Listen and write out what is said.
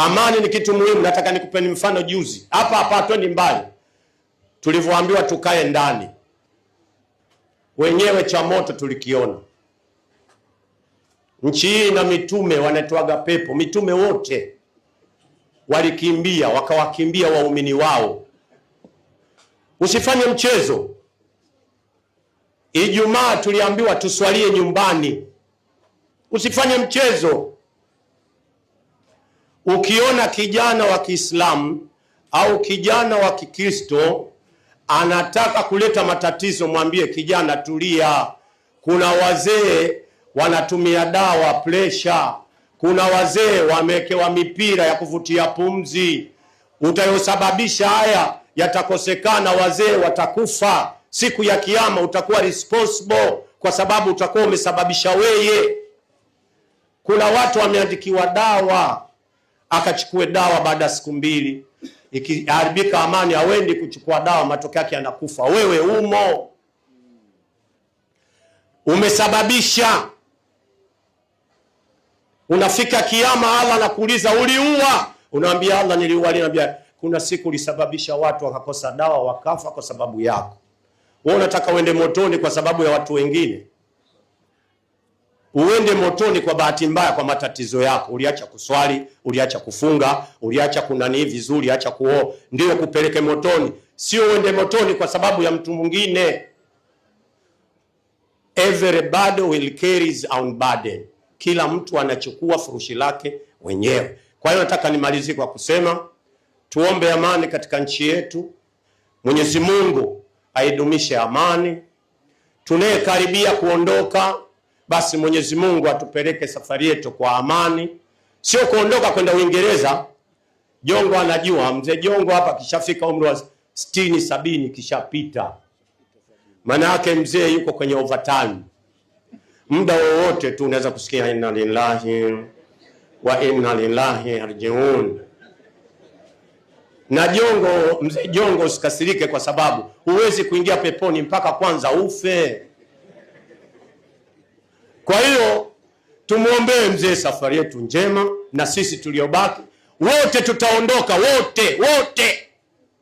Amani ni kitu muhimu. Nataka nikupeni mfano juzi hapa hapa, twende mbali, tulivyoambiwa tukae ndani, wenyewe cha moto tulikiona. Nchi hii na mitume wanatoaga pepo, mitume wote walikimbia, wakawakimbia waumini wao. Usifanye mchezo. Ijumaa tuliambiwa tuswalie nyumbani, usifanye mchezo. Ukiona kijana wa Kiislamu au kijana wa Kikristo anataka kuleta matatizo, mwambie kijana, tulia. Kuna wazee wanatumia dawa presha, kuna wazee wamewekewa mipira ya kuvutia pumzi, utayosababisha haya yatakosekana, wazee watakufa siku ya Kiyama. Utakuwa responsible kwa sababu utakuwa umesababisha weye. Kuna watu wameandikiwa dawa akachukue dawa, baada ya siku mbili ikiharibika amani, hawendi kuchukua dawa, matokeo yake anakufa. Wewe umo umesababisha, unafika kiama, Allah anakuuliza uliua, unaambia Allah, niliua. linaambia kuna siku ulisababisha watu wakakosa dawa wakafa kwa sababu yako. Wewe unataka uende motoni kwa sababu ya watu wengine? uende motoni kwa bahati mbaya, kwa matatizo yako. Uliacha kuswali, uliacha kufunga, uliacha kunanii vizuri, acha kuoa, ndio kupeleke motoni, sio uende motoni kwa sababu ya mtu mwingine. Everybody will carries own burden, kila mtu anachukua furushi lake wenyewe. Kwa hiyo nataka nimalizie kwa kusema tuombe amani katika nchi yetu. Mwenyezi Mungu aidumishe amani. Tunayekaribia kuondoka basi Mwenyezi Mungu atupeleke safari yetu kwa amani, sio kuondoka kwenda Uingereza. Jongo anajua mzee Jongo hapa kishafika umri wa sitini sabini, kishapita maana yake mzee yuko kwenye overtime. Muda wowote tu unaweza kusikia inna lillahi wa inna lillahi rajiun. Na Jongo, mzee Jongo usikasirike, kwa sababu huwezi kuingia peponi mpaka kwanza ufe. Kwa hiyo tumwombee mzee, safari yetu njema, na sisi tuliobaki wote tutaondoka, wote wote